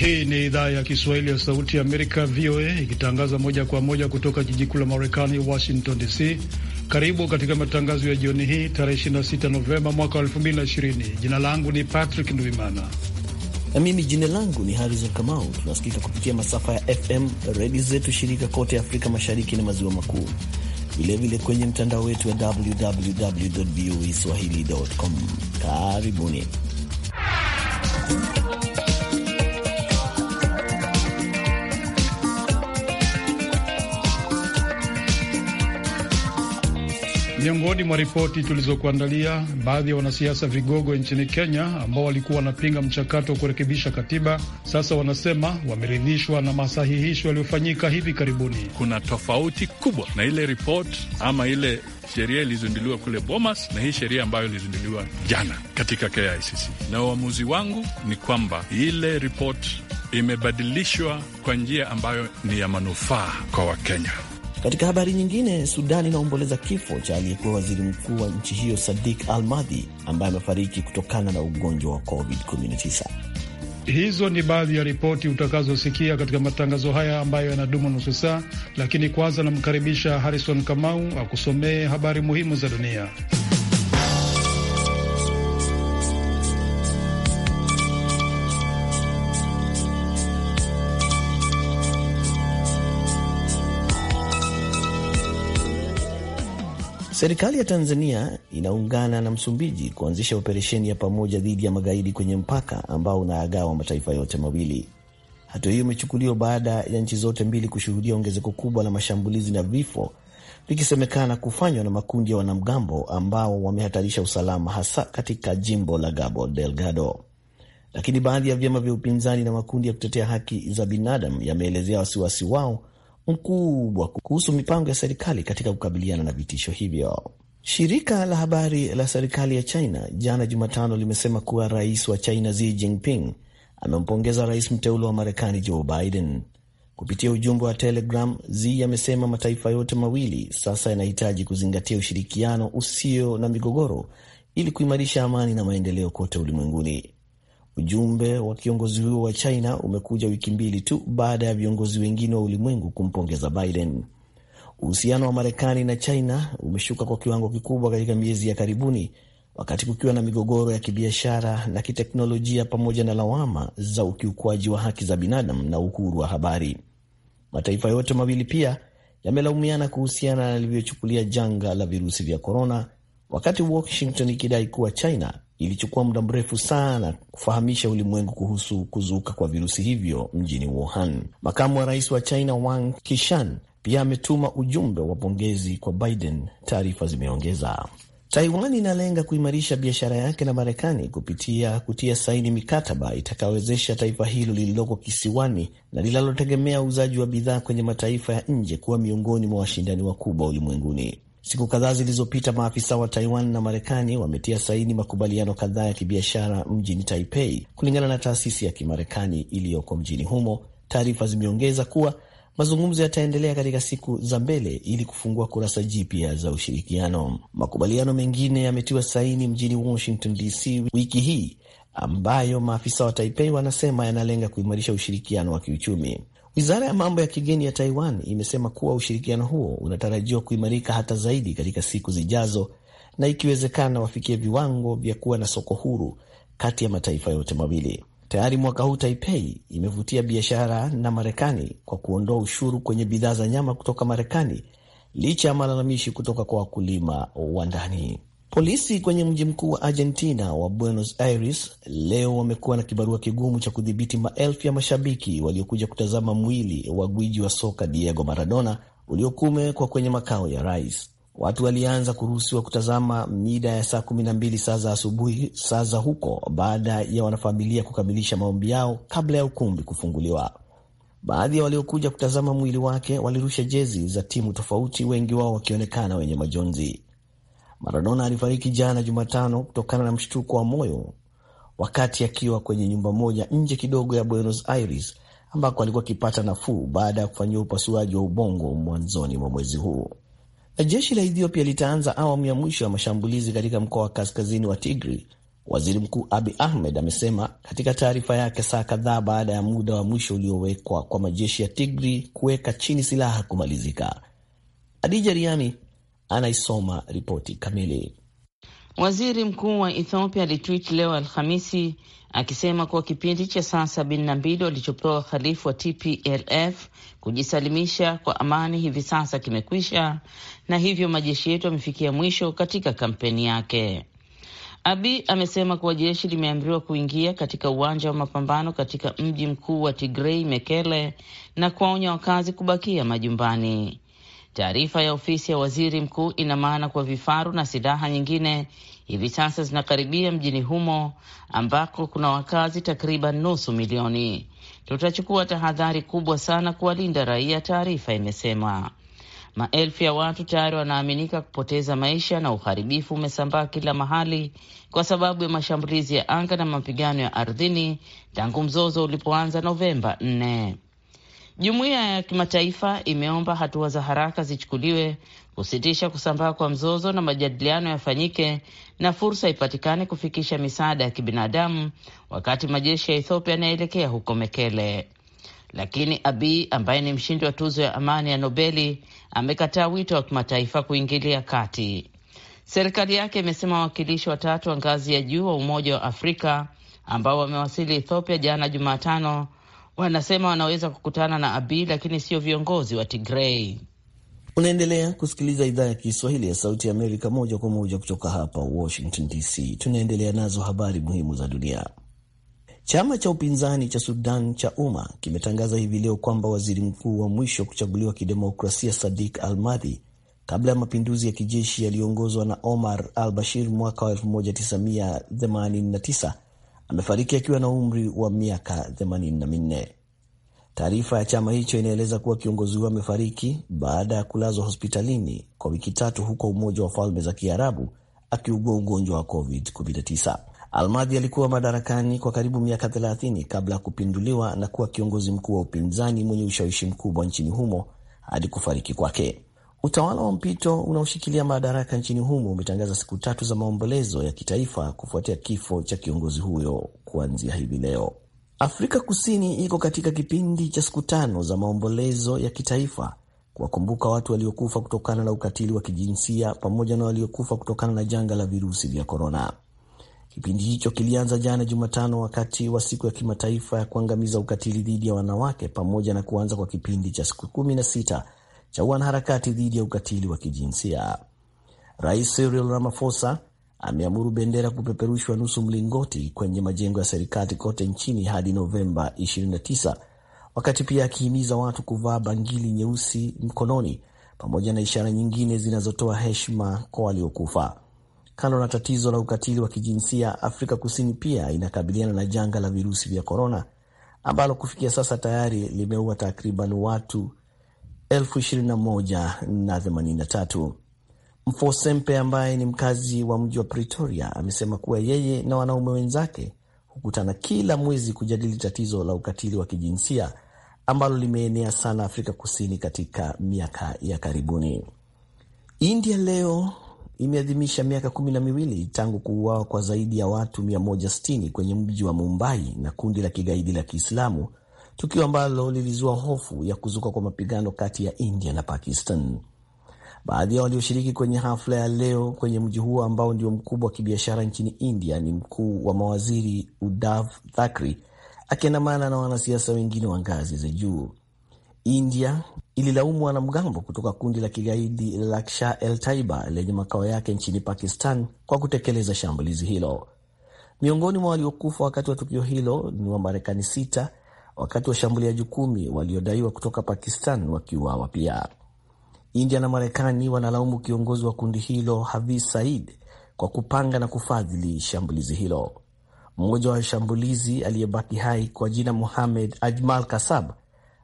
Hii ni idhaa ya Kiswahili ya Sauti ya Amerika, VOA, ikitangaza moja kwa moja kutoka jiji kuu la Marekani, Washington DC. Karibu katika matangazo ya jioni hii tarehe 26 Novemba mwaka 2020. Jina langu ni Patrick nduimana na mimi jina langu ni Harrison Kamau. Tunasikika kupitia masafa ya FM redio zetu shirika kote Afrika Mashariki na Maziwa Makuu, vilevile kwenye mtandao wetu wa www voa e swahili.com. Karibuni Miongoni mwa ripoti tulizokuandalia, baadhi ya wanasiasa vigogo nchini Kenya ambao walikuwa wanapinga mchakato wa kurekebisha katiba sasa wanasema wameridhishwa na masahihisho yaliyofanyika hivi karibuni. Kuna tofauti kubwa na ile ripoti ama ile sheria ilizinduliwa kule Bomas na hii sheria ambayo ilizinduliwa jana katika KICC, na uamuzi wangu ni kwamba ile ripoti imebadilishwa kwa njia ambayo ni ya manufaa kwa Wakenya. Katika habari nyingine, Sudani inaomboleza kifo cha aliyekuwa waziri mkuu wa nchi hiyo Sadik Almadhi ambaye amefariki kutokana na ugonjwa wa COVID-19. Hizo ni baadhi ya ripoti utakazosikia katika matangazo haya ambayo yanadumu nusu saa, lakini kwanza namkaribisha Harrison Kamau akusomee habari muhimu za dunia. Serikali ya Tanzania inaungana na Msumbiji kuanzisha operesheni ya pamoja dhidi ya magaidi kwenye mpaka ambao unaagawa mataifa yote mawili. Hatua hiyo imechukuliwa baada ya nchi zote mbili kushuhudia ongezeko kubwa la mashambulizi na vifo vikisemekana kufanywa na makundi ya wanamgambo ambao wamehatarisha usalama hasa katika jimbo la Cabo Delgado. Lakini baadhi ya vyama vya upinzani na makundi ya kutetea haki za binadamu yameelezea wasiwasi wao mkubwa kuhusu mipango ya serikali katika kukabiliana na vitisho hivyo. Shirika la habari la serikali ya China jana Jumatano limesema kuwa rais wa China Xi Jinping amempongeza rais mteule wa Marekani Joe Biden kupitia ujumbe wa Telegram. Xi amesema mataifa yote mawili sasa yanahitaji kuzingatia ushirikiano usio na migogoro ili kuimarisha amani na maendeleo kote ulimwenguni. Ujumbe wa kiongozi huo wa China umekuja wiki mbili tu baada ya viongozi wengine wa ulimwengu kumpongeza Biden. Uhusiano wa Marekani na China umeshuka kwa kiwango kikubwa katika miezi ya karibuni, wakati kukiwa na migogoro ya kibiashara na kiteknolojia pamoja na lawama za ukiukwaji wa haki za binadamu na uhuru wa habari. Mataifa yote mawili pia yamelaumiana kuhusiana na yalivyochukulia janga la virusi vya korona, wakati Washington ikidai kuwa China ilichukua muda mrefu sana kufahamisha ulimwengu kuhusu kuzuka kwa virusi hivyo mjini Wuhan. Makamu wa rais wa China Wang Kishan pia ametuma ujumbe wa pongezi kwa Biden, taarifa zimeongeza. Taiwan inalenga kuimarisha biashara yake na Marekani kupitia kutia saini mikataba itakayowezesha taifa hilo lililoko kisiwani na linalotegemea uuzaji wa bidhaa kwenye mataifa ya nje kuwa miongoni mwa washindani wakubwa ulimwenguni. Siku kadhaa zilizopita, maafisa wa Taiwan na Marekani wametia saini makubaliano kadhaa ya kibiashara mjini Taipei, kulingana na taasisi ya Kimarekani iliyoko mjini humo. Taarifa zimeongeza kuwa mazungumzo yataendelea katika siku za mbele ili kufungua kurasa jipya za ushirikiano. Makubaliano mengine yametiwa saini mjini Washington DC wiki hii ambayo maafisa wa Taipei wanasema yanalenga kuimarisha ushirikiano wa kiuchumi. Wizara ya mambo ya kigeni ya Taiwan imesema kuwa ushirikiano huo unatarajiwa kuimarika hata zaidi katika siku zijazo na ikiwezekana wafikie viwango vya kuwa na soko huru kati ya mataifa yote mawili. Tayari mwaka huu Taipei imevutia biashara na Marekani kwa kuondoa ushuru kwenye bidhaa za nyama kutoka Marekani licha ya malalamishi kutoka kwa wakulima wa ndani. Polisi kwenye mji mkuu wa Argentina wa Buenos Aires leo wamekuwa na kibarua kigumu cha kudhibiti maelfu ya mashabiki waliokuja kutazama mwili wa gwiji wa soka Diego Maradona uliokuwa kwenye makao ya rais. Watu walianza kuruhusiwa kutazama mida ya saa kumi na mbili saa za asubuhi saa za huko, baada ya wanafamilia kukamilisha maombi yao kabla ya ukumbi kufunguliwa. Baadhi ya waliokuja kutazama mwili wake walirusha jezi za timu tofauti, wengi wao wakionekana wenye majonzi. Maradona alifariki jana Jumatano kutokana na mshtuko wa moyo wakati akiwa kwenye nyumba moja nje kidogo ya Buenos Aires ambako alikuwa akipata nafuu baada ya kufanyiwa upasuaji wa ubongo mwanzoni mwa mwezi huu. Na jeshi la Ethiopia litaanza awamu ya mwisho ya mashambulizi katika mkoa wa kaskazini wa Tigri, waziri mkuu Abi Ahmed amesema katika taarifa yake, saa kadhaa baada ya muda wa mwisho uliowekwa kwa majeshi ya Tigri kuweka chini silaha kumalizika. Adija Riami anaisoma ripoti kamili. Waziri mkuu wa Ethiopia alitwit leo Alhamisi akisema kuwa kipindi cha saa sabini na mbili walichopewa khalifu wa TPLF kujisalimisha kwa amani hivi sasa kimekwisha, na hivyo majeshi yetu yamefikia mwisho katika kampeni yake. Abi amesema kuwa jeshi limeamriwa kuingia katika uwanja wa mapambano katika mji mkuu wa Tigrei, Mekele, na kuwaonya wakazi kubakia majumbani. Taarifa ya ofisi ya waziri mkuu ina maana kuwa vifaru na silaha nyingine hivi sasa zinakaribia mjini humo ambako kuna wakazi takriban nusu milioni. Tutachukua tahadhari kubwa sana kuwalinda raia, taarifa imesema. Maelfu ya watu tayari wanaaminika kupoteza maisha na uharibifu umesambaa kila mahali kwa sababu ya mashambulizi ya anga na mapigano ya ardhini tangu mzozo ulipoanza Novemba Jumuiya ya kimataifa imeomba hatua za haraka zichukuliwe kusitisha kusambaa kwa mzozo na majadiliano yafanyike na fursa ipatikane kufikisha misaada ya kibinadamu, wakati majeshi ya Ethiopia yanaelekea huko Mekele. Lakini Abiy ambaye ni mshindi wa tuzo ya amani ya Nobeli amekataa wito wa kimataifa kuingilia kati. Serikali yake imesema wawakilishi watatu wa ngazi ya juu wa Umoja wa Afrika ambao wamewasili Ethiopia jana Jumatano wanasema wanaweza kukutana na Abiy lakini sio viongozi wa Tigrei. Unaendelea kusikiliza idhaa ya Kiswahili ya Sauti ya Amerika moja kwa moja kutoka hapa Washington DC. Tunaendelea nazo habari muhimu za dunia. Chama cha upinzani cha Sudan cha Umma kimetangaza hivi leo kwamba waziri mkuu wa mwisho kuchaguliwa kidemokrasia Sadik Al Madhi kabla ya mapinduzi ya kijeshi yaliyoongozwa na Omar Al Bashir mwaka wa 1989 amefariki akiwa na umri wa miaka 84. Taarifa ya chama hicho inaeleza kuwa kiongozi huyo amefariki baada ya kulazwa hospitalini kwa wiki tatu huko Umoja wa Falme za Kiarabu akiugua ugonjwa wa COVID-19. Almadhi alikuwa madarakani kwa karibu miaka 30 kabla ya kupinduliwa na kuwa kiongozi mkuu wa upinzani mwenye ushawishi mkubwa nchini humo hadi kufariki kwake. Utawala wa mpito unaoshikilia madaraka nchini humo umetangaza siku tatu za maombolezo ya kitaifa kufuatia kifo cha kiongozi huyo kuanzia hivi leo. Afrika Kusini iko katika kipindi cha siku tano za maombolezo ya kitaifa kuwakumbuka watu waliokufa kutokana na ukatili wa kijinsia pamoja na waliokufa kutokana na janga la virusi vya korona. Kipindi hicho kilianza jana Jumatano wakati wa siku ya kimataifa ya kuangamiza ukatili dhidi ya wanawake pamoja na kuanza kwa kipindi cha siku kumi na sita cha wanaharakati dhidi ya ukatili wa kijinsia. Rais Cyril Ramaphosa ameamuru bendera kupeperushwa nusu mlingoti kwenye majengo ya serikali kote nchini hadi Novemba 29, wakati pia akihimiza watu kuvaa bangili nyeusi mkononi pamoja na ishara nyingine zinazotoa heshima kwa waliokufa. Kando na tatizo la ukatili wa kijinsia, Afrika Kusini pia inakabiliana na janga la virusi vya korona ambalo kufikia sasa tayari limeua takriban watu 21,083. Mfosempe ambaye ni mkazi wa mji wa Pretoria amesema kuwa yeye na wanaume wenzake hukutana kila mwezi kujadili tatizo la ukatili wa kijinsia ambalo limeenea sana Afrika Kusini katika miaka ya karibuni. India leo imeadhimisha miaka kumi na miwili tangu kuuawa kwa zaidi ya watu 160 kwenye mji wa Mumbai na kundi la kigaidi la Kiislamu tukio ambalo lilizua hofu ya kuzuka kwa mapigano kati ya India na Pakistan. Baadhi ya walioshiriki kwenye hafla ya leo kwenye mji huo ambao ndio mkubwa wa kibiashara nchini India ni mkuu wa mawaziri Udav thakri akiandamana na wanasiasa wengine wa ngazi za juu. India ililaumu wanamgambo kutoka kundi la kigaidi la Lashkar-e-Taiba lenye makao yake nchini Pakistan kwa kutekeleza shambulizi hilo. Miongoni mwa waliokufa wakati wa tukio hilo ni Wamarekani sita wakati washambuliaji kumi waliodaiwa kutoka Pakistan wakiuawa pia. India na Marekani wanalaumu kiongozi wa kundi hilo Hafiz Saeed kwa kupanga na kufadhili shambulizi hilo. Mmoja wa washambulizi aliyebaki hai kwa jina Mohamed Ajmal Kasab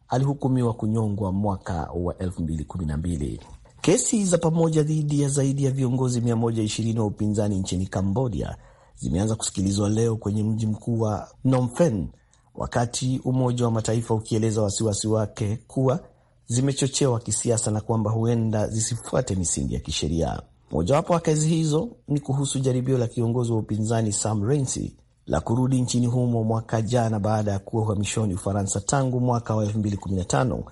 alihukumiwa kunyongwa mwaka wa 2012. Kesi za pamoja dhidi ya zaidi ya viongozi 120 wa upinzani nchini Cambodia zimeanza kusikilizwa leo kwenye mji mkuu wa Phnom Penh wakati Umoja wa Mataifa ukieleza wasiwasi wake kuwa zimechochewa kisiasa na kwamba huenda zisifuate misingi ya kisheria. Mojawapo wa kazi hizo ni kuhusu jaribio la kiongozi wa upinzani Sam Rainsy la kurudi nchini humo mwaka jana baada ya kuwa uhamishoni Ufaransa tangu mwaka wa 2015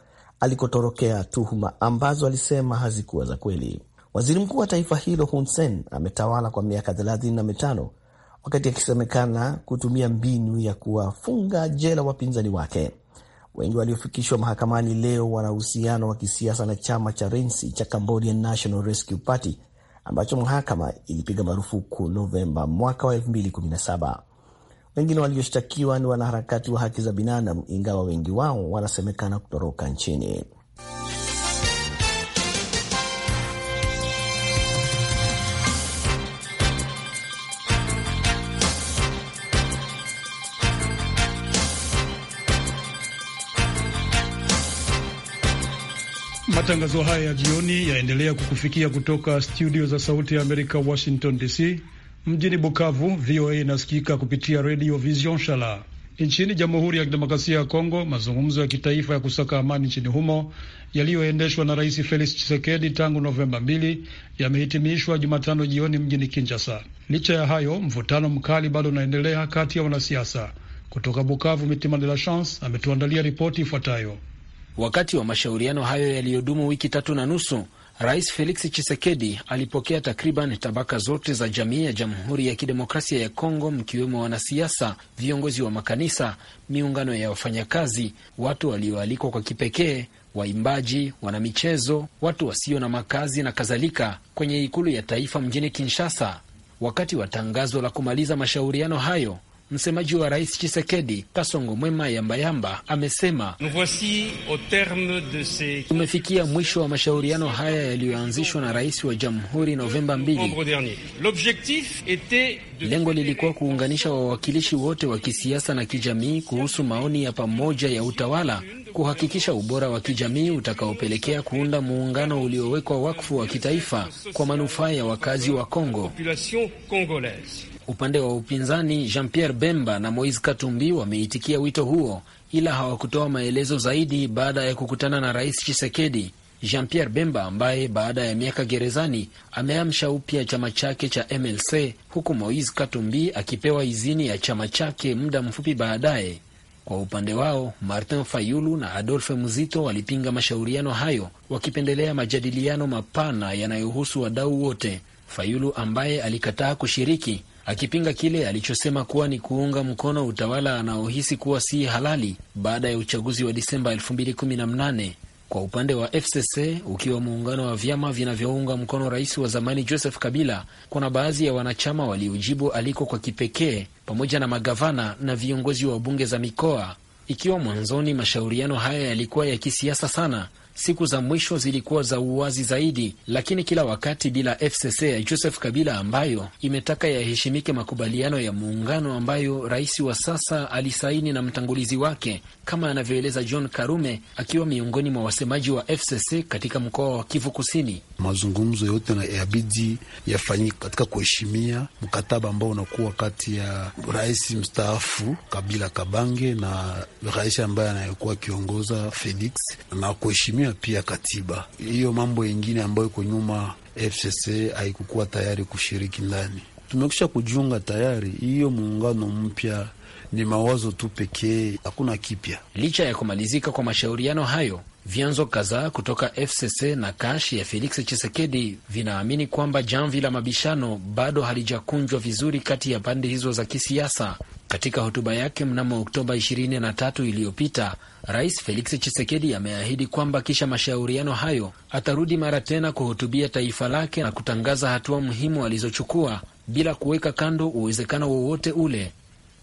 alikotorokea, tuhuma ambazo alisema hazikuwa za kweli. Waziri mkuu wa taifa hilo Hun Sen ametawala kwa miaka 35 wakati akisemekana kutumia mbinu ya kuwafunga jela wapinzani wake. Wengi waliofikishwa mahakamani leo wana uhusiano wa kisiasa na chama cha Renci cha Cambodian National Rescue Party ambacho mahakama ilipiga marufuku Novemba mwaka wa 2017. Wengine walioshtakiwa ni wanaharakati wa haki za binadamu, ingawa wengi wao wanasemekana kutoroka nchini. Matangazo haya ya jioni yaendelea kukufikia kutoka studio za Sauti ya Amerika, Washington DC. Mjini Bukavu, VOA inasikika kupitia Radio Vision Shala. Nchini Jamhuri ya Kidemokrasia ya Kongo, mazungumzo ya kitaifa ya kusaka amani nchini humo yaliyoendeshwa na Rais Felix Tshisekedi tangu Novemba mbili yamehitimishwa Jumatano jioni mjini Kinshasa. Licha ya hayo, mvutano mkali bado unaendelea kati ya wanasiasa. Kutoka Bukavu, Mitima de la Chance ametuandalia ripoti ifuatayo. Wakati wa mashauriano hayo yaliyodumu wiki tatu na nusu, Rais Felix Chisekedi alipokea takriban tabaka zote za jamii ya Jamhuri ya Kidemokrasia ya Kongo, mkiwemo wanasiasa, viongozi wa makanisa, miungano ya wafanyakazi, watu walioalikwa kwa kipekee, waimbaji, wanamichezo, watu wasio na makazi na kadhalika, kwenye ikulu ya taifa mjini Kinshasa. Wakati wa tangazo la kumaliza mashauriano hayo Msemaji wa rais Chisekedi, Kasongo Mwema Yambayamba, amesema tumefikia mwisho wa mashauriano haya yaliyoanzishwa na rais wa jamhuri Novemba 2. Lengo lilikuwa kuunganisha wawakilishi wote wa kisiasa na kijamii kuhusu maoni ya pamoja ya utawala kuhakikisha ubora wa kijamii utakaopelekea kuunda muungano uliowekwa wakfu wa kitaifa kwa manufaa ya wakazi wa Kongo. Upande wa upinzani Jean Pierre Bemba na Moise Katumbi wameitikia wito huo, ila hawakutoa maelezo zaidi baada ya kukutana na Rais chisekedi Jean Pierre Bemba ambaye baada ya miaka gerezani ameamsha upya chama chake cha MLC, huku Moise Katumbi akipewa idhini ya chama chake muda mfupi baadaye. Kwa upande wao Martin Fayulu na Adolphe Muzito walipinga mashauriano hayo, wakipendelea majadiliano mapana yanayohusu wadau wote. Fayulu ambaye alikataa kushiriki akipinga kile alichosema kuwa ni kuunga mkono utawala anaohisi kuwa si halali baada ya uchaguzi wa Disemba 2018 kwa upande wa FCC ukiwa muungano wa vyama vinavyounga mkono rais wa zamani Joseph Kabila, kuna baadhi ya wanachama waliojibu aliko kwa kipekee, pamoja na magavana na viongozi wa bunge za mikoa. Ikiwa mwanzoni mashauriano haya yalikuwa ya kisiasa sana, siku za mwisho zilikuwa za uwazi zaidi, lakini kila wakati bila FCC ya Joseph Kabila ambayo imetaka yaheshimike makubaliano ya muungano ambayo rais wa sasa alisaini na mtangulizi wake, kama anavyoeleza John Karume akiwa miongoni mwa wasemaji wa FCC katika mkoa wa Kivu Kusini. Mazungumzo yote na yabidi yafanyika katika kuheshimia mkataba ambao unakuwa kati ya rais mstaafu Kabila Kabange na rais ambaye anayekuwa akiongoza Felix na kuheshimia kusimamia pia katiba. Hiyo mambo yengine ambayo iko nyuma, FCC haikukuwa tayari kushiriki ndani. Tumekusha kujiunga tayari, hiyo muungano mpya ni mawazo tu pekee, hakuna kipya. Licha ya kumalizika kwa mashauriano hayo, vyanzo kadhaa kutoka FCC na kash ya Felix chisekedi vinaamini kwamba jamvi la mabishano bado halijakunjwa vizuri kati ya pande hizo za kisiasa, katika hotuba yake mnamo Oktoba 23 iliyopita, Rais Felix Tshisekedi ameahidi kwamba kisha mashauriano hayo atarudi mara tena kuhutubia taifa lake na kutangaza hatua muhimu alizochukua bila kuweka kando uwezekano wowote ule.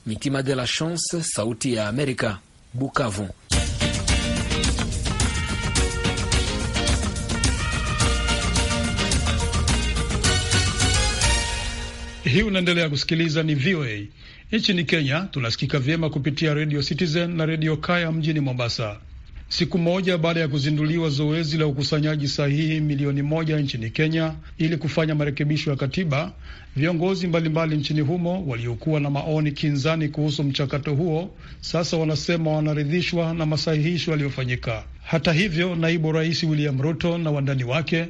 Mitima de la Chance, Sauti ya Amerika, Bukavu. Hii unaendelea kusikiliza ni VOA. Nchini Kenya tunasikika vyema kupitia Radio Citizen na Radio Kaya mjini Mombasa. Siku moja baada ya kuzinduliwa zoezi la ukusanyaji sahihi milioni moja nchini Kenya ili kufanya marekebisho ya katiba, viongozi mbalimbali nchini humo waliokuwa na maoni kinzani kuhusu mchakato huo sasa wanasema wanaridhishwa na masahihisho yaliyofanyika. Hata hivyo, naibu rais William Ruto na wandani wake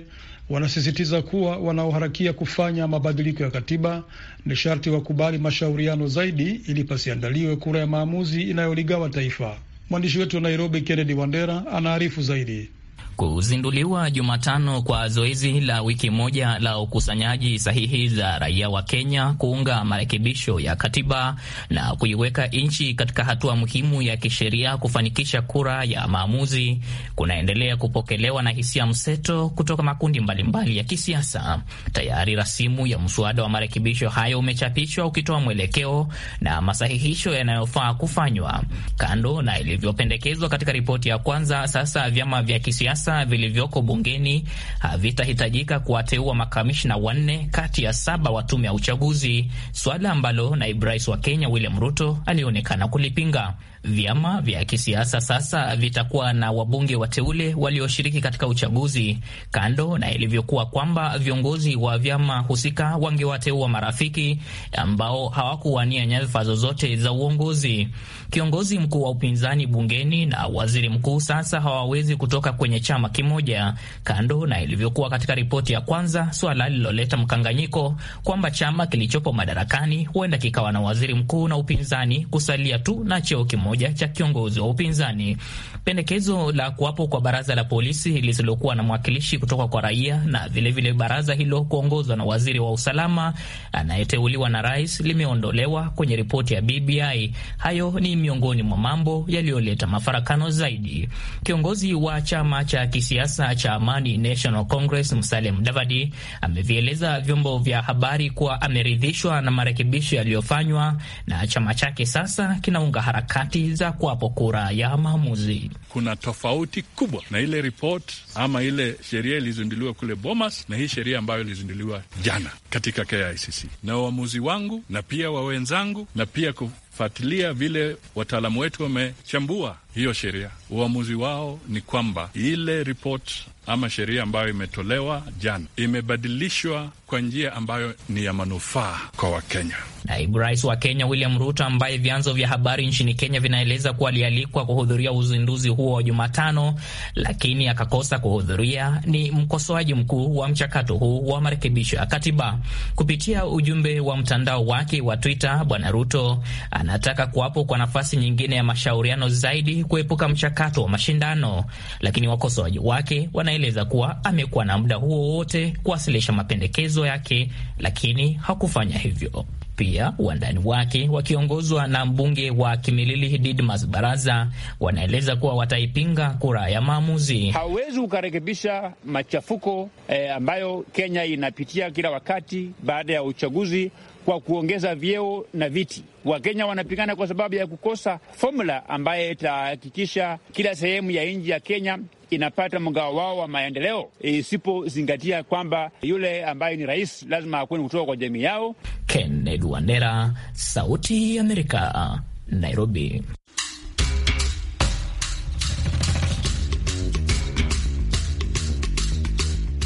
wanasisitiza kuwa wanaoharakia kufanya mabadiliko ya katiba ni sharti wakubali mashauriano zaidi ili pasiandaliwe kura ya maamuzi inayoligawa taifa. Mwandishi wetu wa Nairobi, Kennedy Wandera, anaarifu zaidi kuzinduliwa Jumatano kwa zoezi la wiki moja la ukusanyaji sahihi za raia wa Kenya kuunga marekebisho ya katiba na kuiweka nchi katika hatua muhimu ya kisheria kufanikisha kura ya maamuzi kunaendelea kupokelewa na hisia mseto kutoka makundi mbalimbali mbali ya kisiasa. Tayari rasimu ya mswada wa marekebisho hayo umechapishwa ukitoa mwelekeo na masahihisho yanayofaa kufanywa. Kando na ilivyopendekezwa katika ripoti ya kwanza, sasa vyama vya kisiasa sasa vilivyoko bungeni havitahitajika kuwateua makamishna wanne kati ya saba wa tume ya uchaguzi, suala ambalo naibu rais wa Kenya William Ruto alionekana kulipinga. Vyama vya kisiasa sasa vitakuwa na wabunge wateule walioshiriki katika uchaguzi, kando na ilivyokuwa kwamba viongozi wa vyama husika wangewateua marafiki ambao hawakuwania nyadhifa zozote za uongozi. Kiongozi mkuu wa upinzani bungeni na waziri mkuu sasa hawawezi kutoka kwenye chama kimoja, kando na ilivyokuwa katika ripoti ya kwanza, suala lililoleta mkanganyiko kwamba chama kilichopo madarakani huenda kikawa na waziri mkuu na upinzani kusalia tu na cheo kimoja moja cha kiongozi wa upinzani. Pendekezo la kuwapo kwa baraza la polisi lisilokuwa na mwakilishi kutoka kwa raia na vilevile vile baraza hilo kuongozwa na waziri wa usalama anayeteuliwa na rais limeondolewa kwenye ripoti ya BBI. Hayo ni miongoni mwa mambo yaliyoleta mafarakano zaidi. Kiongozi wa chama cha kisiasa cha Amani National Congress Musalia Mudavadi amevieleza vyombo vya habari kuwa ameridhishwa na marekebisho yaliyofanywa na chama chake sasa kinaunga harakati haki za kuwapo kura ya maamuzi. Kuna tofauti kubwa na ile ripot ama ile sheria ilizinduliwa kule Bomas na hii sheria ambayo ilizinduliwa jana katika KICC na uamuzi wangu na pia wa wenzangu na pia kufuatilia vile wataalamu wetu wamechambua hiyo sheria, uamuzi wao ni kwamba ile ripot ama sheria ambayo imetolewa jana imebadilishwa kwa njia ambayo ni ya manufaa kwa Wakenya. Naibu rais wa Kenya William Ruto, ambaye vyanzo vya habari nchini Kenya vinaeleza kuwa alialikwa kuhudhuria uzinduzi huo wa Jumatano lakini akakosa kuhudhuria, ni mkosoaji mkuu wa mchakato huu wa marekebisho ya katiba. Kupitia ujumbe wa mtandao wake wa Twitter, Bwana Ruto anataka kuwapo kwa nafasi nyingine ya mashauriano zaidi kuepuka mchakato wa mashindano, lakini wakosoaji wake wanaeleza kuwa amekuwa na muda huo wote kuwasilisha mapendekezo mazungumzo yake, lakini hakufanya hivyo. Pia wandani wake wakiongozwa na mbunge wa Kimilili Didmas Baraza wanaeleza kuwa wataipinga kura ya maamuzi. Hauwezi ukarekebisha machafuko eh, ambayo Kenya inapitia kila wakati baada ya uchaguzi kwa kuongeza vyeo na viti. Wakenya wanapigana kwa sababu ya kukosa fomula ambaye itahakikisha kila sehemu ya nchi ya Kenya inapata mgao wao wa maendeleo, isipozingatia kwamba yule ambaye ni rais lazima akuwe kutoka kwa jamii yao. Kennedy Wandera, Sauti ya Amerika, Nairobi.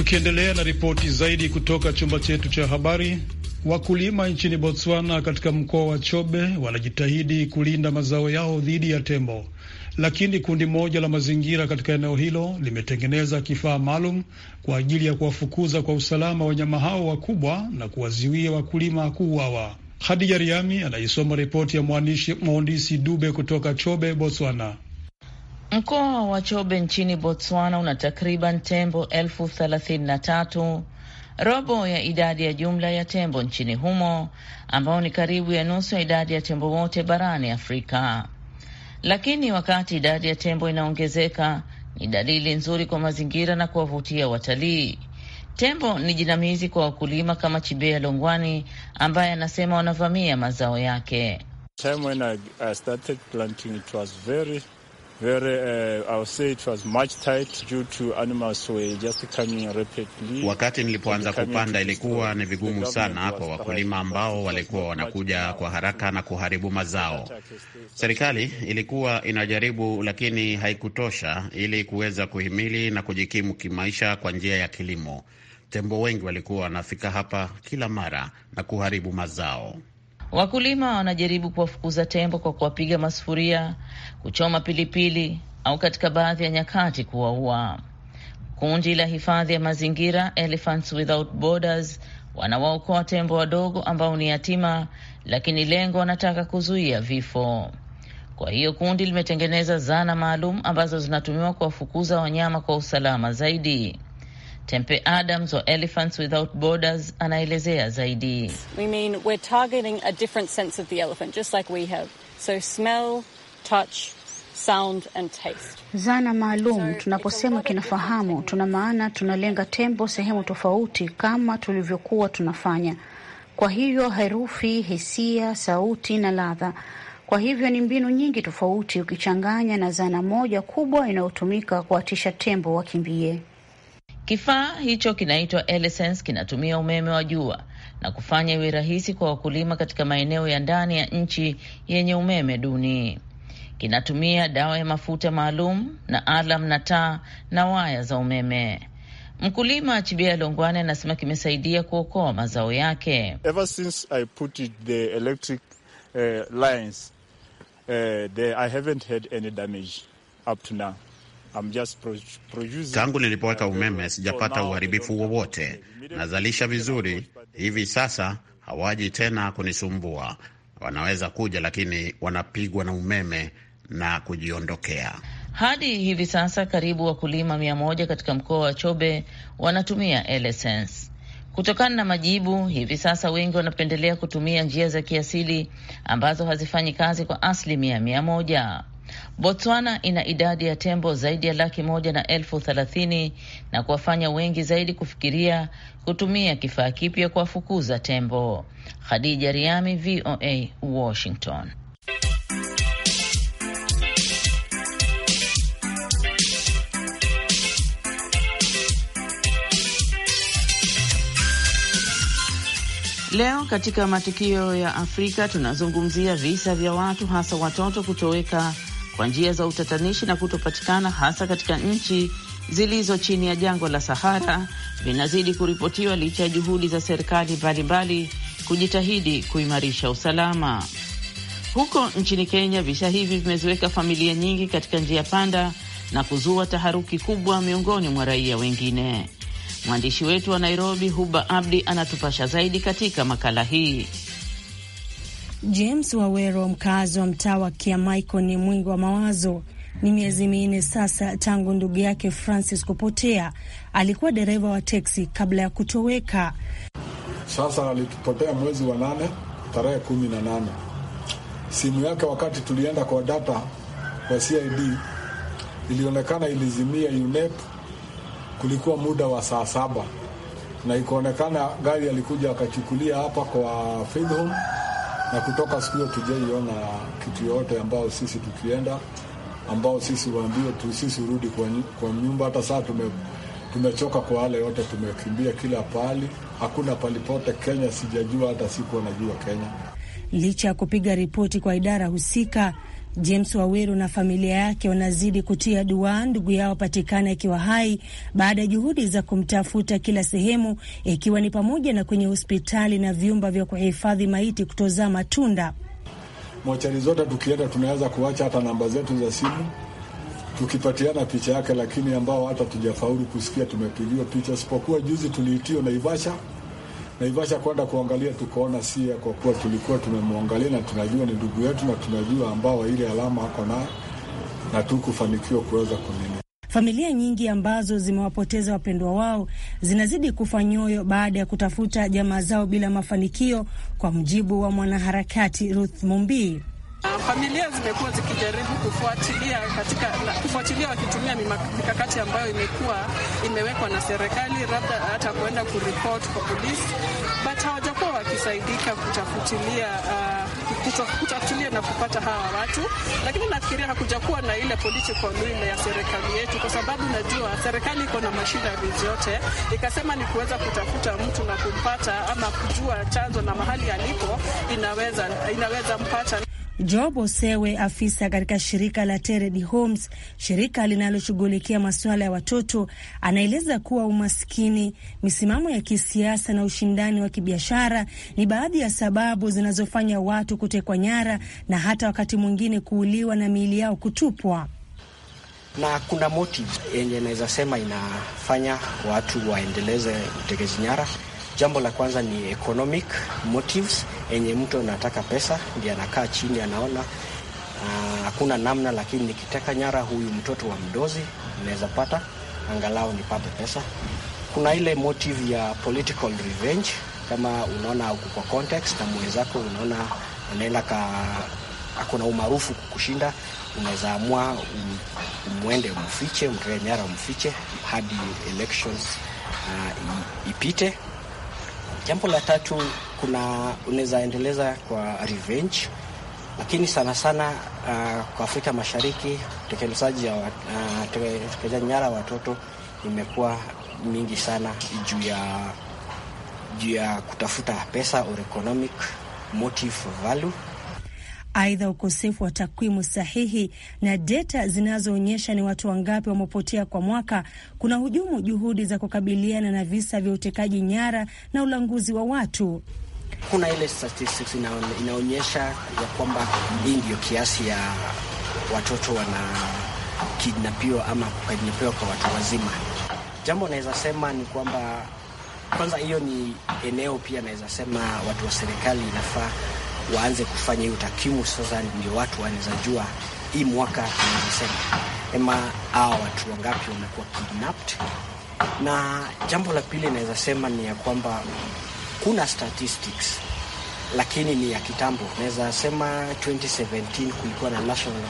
Tukiendelea na ripoti zaidi kutoka chumba chetu cha habari, wakulima nchini Botswana katika mkoa wa Chobe wanajitahidi kulinda mazao yao dhidi ya tembo, lakini kundi moja la mazingira katika eneo hilo limetengeneza kifaa maalum kwa ajili ya kuwafukuza kwa usalama wanyama hao wakubwa na kuwaziwia wakulima kuuawa. Hadija Riami anaisoma ripoti ya mwandishi Dube kutoka Chobe, Botswana. Mkoa wa Chobe nchini Botswana una takriban tembo elfu thelathini na tatu, robo ya idadi ya jumla ya tembo nchini humo, ambao ni karibu ya nusu ya idadi ya tembo wote barani Afrika. Lakini wakati idadi ya tembo inaongezeka, ni dalili nzuri kwa mazingira na kuwavutia watalii. Tembo ni jinamizi kwa wakulima kama Chibea Longwani ambaye anasema wanavamia mazao yake. Time when I, I started planting, it was very Uh, Wakati nilipoanza kupanda ilikuwa ni vigumu sana kwa wakulima ambao walikuwa wanakuja kwa haraka na kuharibu mazao. Serikali ilikuwa inajaribu, lakini haikutosha ili kuweza kuhimili na kujikimu kimaisha kwa njia ya kilimo. Tembo wengi walikuwa wanafika hapa kila mara na kuharibu mazao. Wakulima wanajaribu kuwafukuza tembo kwa kuwapiga masufuria, kuchoma pilipili au katika baadhi ya nyakati kuwaua. Kundi la hifadhi ya mazingira Elephants Without Borders wanawaokoa tembo wadogo ambao ni yatima, lakini lengo wanataka kuzuia vifo. Kwa hiyo kundi limetengeneza zana maalum ambazo zinatumiwa kuwafukuza wanyama kwa usalama zaidi. Tempe Adams wa Elephants Without Borders anaelezea zaidi. We mean we're targeting a different sense of the elephant just like we have. So smell, touch, sound and taste. Zana maalum tunaposema kinafahamu, tuna maana tunalenga tembo sehemu tofauti kama tulivyokuwa tunafanya. Kwa hivyo herufi, hisia, sauti na ladha. Kwa hivyo ni mbinu nyingi tofauti ukichanganya na zana moja kubwa inayotumika kuwatisha tembo wakimbie. Kifaa hicho kinaitwa Elesense kinatumia umeme wa jua na kufanya iwe rahisi kwa wakulima katika maeneo ya ndani ya nchi yenye umeme duni. Kinatumia dawa ya mafuta maalum na alam na taa na waya za umeme. Mkulima Chibia Longwane anasema kimesaidia kuokoa mazao yake. Ever since I put it the electric, uh, lines, uh, eh, the, I haven't had any damage up to now. Tangu nilipoweka uh, umeme sijapata uharibifu wowote, nazalisha vizuri hivi sasa. Hawaji tena kunisumbua. Wanaweza kuja, lakini wanapigwa na umeme na kujiondokea. Hadi hivi sasa karibu wakulima mia moja katika mkoa wa Chobe wanatumia Elesense. Kutokana na majibu, hivi sasa wengi wanapendelea kutumia njia za kiasili ambazo hazifanyi kazi kwa asilimia mia moja. Botswana ina idadi ya tembo zaidi ya laki moja na elfu thelathini na kuwafanya wengi zaidi kufikiria kutumia kifaa kipya kuwafukuza tembo. Khadija Riami, VOA, Washington. Leo katika matukio ya Afrika tunazungumzia visa vya watu hasa watoto kutoweka kwa njia za utatanishi na kutopatikana hasa katika nchi zilizo chini ya jangwa la Sahara vinazidi kuripotiwa licha ya juhudi za serikali mbalimbali kujitahidi kuimarisha usalama. Huko nchini Kenya, visa hivi vimeziweka familia nyingi katika njia panda na kuzua taharuki kubwa miongoni mwa raia wengine. Mwandishi wetu wa Nairobi, Huba Abdi, anatupasha zaidi katika makala hii. James Wawero, mkazi wa mtaa wa Kiamaiko, ni mwingi wa mawazo. Ni miezi minne sasa tangu ndugu yake Francis kupotea. Alikuwa dereva wa teksi kabla ya kutoweka. Sasa alipotea mwezi wa nane tarehe kumi na nane. Simu yake wakati tulienda kwa data kwa CID ilionekana ilizimia UNEP, kulikuwa muda wa saa saba na ikaonekana gari alikuja akachukulia hapa kwa Faith Home na kutoka siku hiyo tujaiona kitu yoyote ambao sisi tukienda ambao sisi waambiwe tu sisi urudi kwa, kwa nyumba. Hata saa tume, tumechoka kwa wale wote, tumekimbia kila pahali, hakuna palipote Kenya sijajua, hata siku wanajua Kenya. Licha ya kupiga ripoti kwa idara husika, James Waweru na familia yake wanazidi kutia dua ndugu yao patikana akiwa hai baada ya juhudi za kumtafuta kila sehemu, ikiwa ni pamoja na kwenye hospitali na vyumba vya kuhifadhi maiti kutozaa matunda. Mochari zote tukienda, tunaweza kuacha hata namba zetu za simu tukipatiana picha yake, lakini ambao hata tujafaulu kusikia tumepigiwa picha, isipokuwa juzi tuliitiwa Naivasha Naivasha kwenda kuangalia, tukaona sia kwa kuwa tulikuwa tumemwangalia na tunajua ni ndugu yetu na tunajua ambao ile alama ako nayo na tukufanikiwa kuweza kunini. Familia nyingi ambazo zimewapoteza wapendwa wao zinazidi kufa nyoyo baada ya kutafuta jamaa zao bila mafanikio, kwa mujibu wa mwanaharakati Ruth Mumbi. Familia zimekuwa zikijaribu kufuatilia katika kufuatilia wakitumia mikakati ambayo imekuwa imewekwa na serikali, labda hata kuenda kuripot kwa polisi, but hawajakuwa wakisaidika kutafutilia uh, kutafutilia na kupata hawa watu. Lakini nafikiria hakujakuwa na ile political will ya serikali yetu, kwa sababu najua serikali iko na mashida yote ikasema ni kuweza kutafuta mtu na kumpata ama kujua chanzo na mahali alipo, inaweza inaweza mpata. Job Osewe, afisa katika shirika la Teredi Homes, shirika linaloshughulikia masuala ya watoto, anaeleza kuwa umaskini, misimamo ya kisiasa na ushindani wa kibiashara ni baadhi ya sababu zinazofanya watu kutekwa nyara na hata wakati mwingine kuuliwa na miili yao kutupwa na kuna motive yenye inaweza sema inafanya watu waendeleze utekezi nyara Jambo la kwanza ni economic motives, enye mtu anataka pesa ndio anakaa chini anaona ah, hakuna namna, lakini nikiteka nyara huyu mtoto wa mdozi naweza pata angalau nipate pesa. Kuna ile motive ya political revenge, kama unaona uko kwa context na mwenzako, unaona anaenda ka kuna umaarufu kukushinda, unaweza amua um, umwende, mfiche mteke nyara, mfiche hadi elections uh, ipite. Jambo la tatu, kuna unaweza endeleza kwa revenge, lakini sana sana uh, kwa Afrika Mashariki utekelezaji wa uh, nyara watoto imekuwa mingi sana juu ya juu ya kutafuta pesa or economic motive value Aidha, ukosefu wa takwimu sahihi na deta zinazoonyesha ni watu wangapi wamepotea kwa mwaka kuna hujumu juhudi za kukabiliana na visa vya utekaji nyara na ulanguzi wa watu. Kuna ile statistics inaonyesha ya kwamba hii ndiyo kiasi ya watoto wanakidnapiwa ama kukidnapiwa kwa watu wazima. Jambo naweza sema ni kwamba kwanza, hiyo ni eneo pia, naweza sema watu wa serikali inafaa waanze kufanya hiyo takwimu sasa, ndio watu wanaweza jua hii mwaka tunasema ema hawa watu wangapi wamekuwa kidnapped. Na jambo la pili naweza sema ni ya kwamba kuna statistics lakini ni ya kitambo. Naweza sema 2017 kulikuwa na National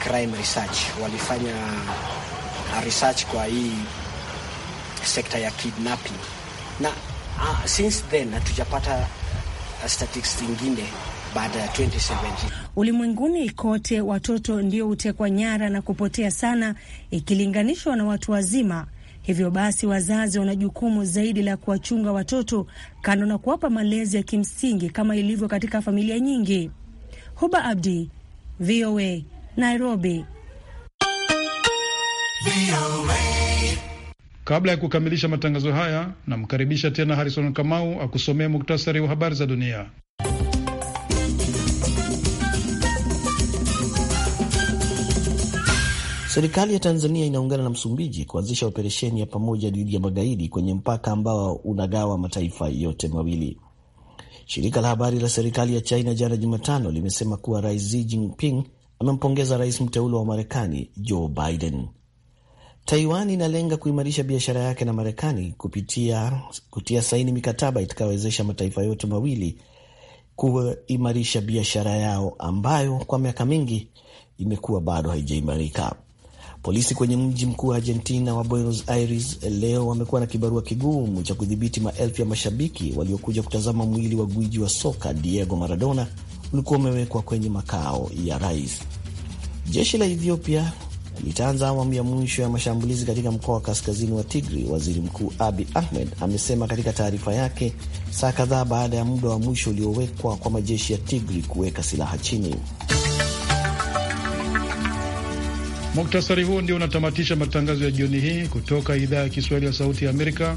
Crime Research, walifanya research kwa hii sekta ya kidnapping na uh, since then hatujapata ah, statistics zingine baada ya 2017. Ulimwenguni kote watoto ndio hutekwa nyara na kupotea sana ikilinganishwa na watu wazima. Hivyo basi wazazi wana jukumu zaidi la kuwachunga watoto, kando na kuwapa malezi ya kimsingi kama ilivyo katika familia nyingi. Huba Abdi, VOA, Nairobi. Kabla ya kukamilisha matangazo haya, namkaribisha tena Harrison Kamau akusomea muktasari wa habari za dunia. Serikali ya Tanzania inaungana na Msumbiji kuanzisha operesheni ya pamoja dhidi ya magaidi kwenye mpaka ambao unagawa mataifa yote mawili. Shirika la habari la serikali ya China jana Jumatano limesema kuwa Rais Xi Jinping amempongeza rais mteule wa Marekani Joe Biden. Taiwan inalenga kuimarisha biashara yake na Marekani kupitia kutia saini mikataba itakayowezesha mataifa yote mawili kuimarisha biashara yao ambayo kwa miaka mingi imekuwa bado haijaimarika. Polisi kwenye mji mkuu wa Argentina wa Buenos Aires leo wamekuwa na kibarua kigumu cha kudhibiti maelfu ya mashabiki waliokuja kutazama mwili wa gwiji wa soka Diego Maradona ulikuwa umewekwa kwenye makao ya rais. Jeshi la Ethiopia litaanza awamu ya mwisho ya mashambulizi katika mkoa wa kaskazini wa Tigri, waziri mkuu Abi Ahmed amesema katika taarifa yake, saa kadhaa baada ya muda wa mwisho uliowekwa kwa majeshi ya Tigri kuweka silaha chini. Muktasari huo ndio unatamatisha matangazo ya jioni hii kutoka idhaa ya Kiswahili ya Sauti ya Amerika.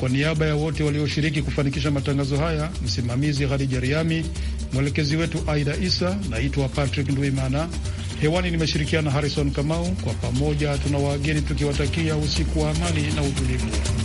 Kwa niaba ya wote walioshiriki kufanikisha matangazo haya, msimamizi Hadija Riami, mwelekezi wetu Aida Isa. Naitwa Patrick Ndwimana, hewani nimeshirikiana Harrison Kamau. Kwa pamoja tuna wageni tukiwatakia usiku wa amani na utulivu.